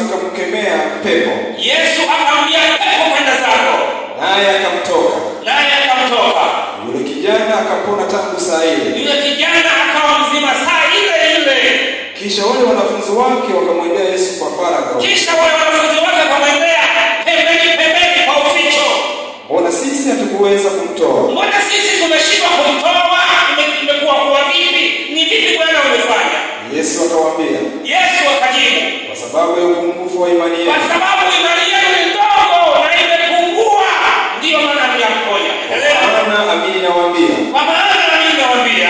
akamkemea pepo. Yesu akamwambia pepo, kwenda zako, naye akamtoka, naye akamtoka. Yule kijana akapona tangu saa ile, yule kijana akawa mzima saa ile ile. Kisha wale wanafunzi wake wakamwendea Yesu kwa faragha, kisha wale wanafunzi wake wakamwendea pembeni, pembeni kwa uficho, mbona sisi hatukuweza kumtoa? Mbona sisi tumeshindwa kumtoa? Imekuwa kuwa vipi? Ni vipi Bwana umefanya? Yesu akawaambia sababu ya upungufu wa imani yenu, kwa sababu imani yenu ni ndogo na imepungua. Ndiyo maana mnaponya, maana amini nawaambia, kwa maana amini nawaambia,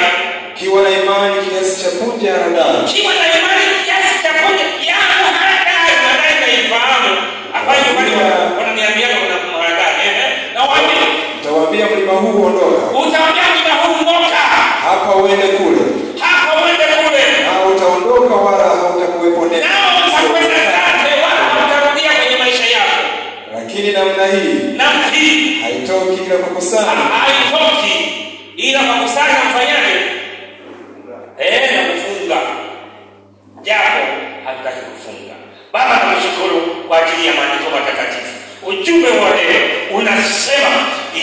kiwa na imani kiasi cha punje ya haradali, kiwa na imani kiasi cha punje ya haradali, baadaye naifahamu ambayo wananiambia kuna haradali eh, eh. na waambia, utawaambia mlima huu ondoka, utawaambia mlima huu ondoka, hapa uende kule namna hii namna hii haitoki ila kwa kusali haitoki ila kwa kusali Mfanyaje? Eh, na kufunga, japo hatutaki kufunga. Baba, nakushukuru kwa ajili ya maandiko matakatifu. Ujumbe wa leo unasema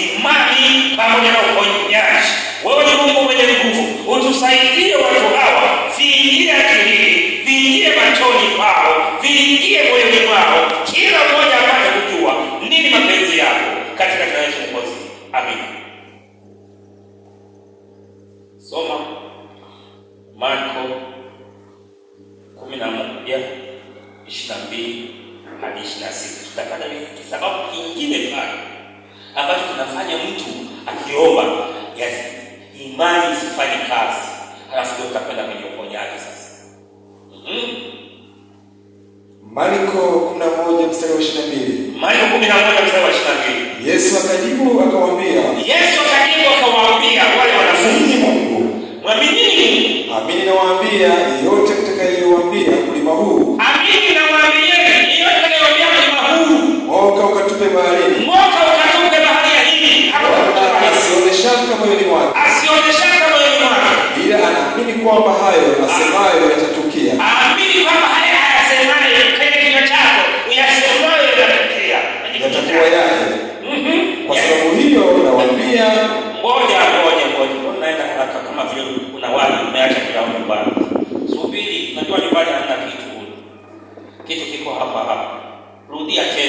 imani pamoja na uponyaji. Wewe ni Mungu mwenye nguvu, utusaidie watu hawa viingie akilini, viingie machoni pao, viingie moyoni mwao, kila mmoja Soma Marko kumi na moja ishirini na mbili hadi ishirini na sita tutapata kisababu kingine pale ambacho tunafanya mtu akiomba yaani imani isifanye kazi, halafu ndio utakwenda kwenye uponyaji sasa. Mm-hmm. Marko kumi moja mstari wa ishirini Mariko mbili mstari wa Yesu akajibu niliyowaambia mlima huu, amini nawaambieni, yote niliyowaambia mlima huu, mwooka ukatupe baharini, mwooka ukatupe bahari baharini, asione shaka moyoni mwake, asione shaka moyoni mwake, ila anaamini kwamba hayo nasemayo yatatukia. Aamini kwamba haya hayasemayo kwenye kinywa chako uyasemayo yatatukia, yatakuwa yake. Mhm. Kwa sababu hiyo nawaambia, ngoja ngoja ngoja, unaenda haraka kama vile kuna wapi umeacha kila mtu bwana India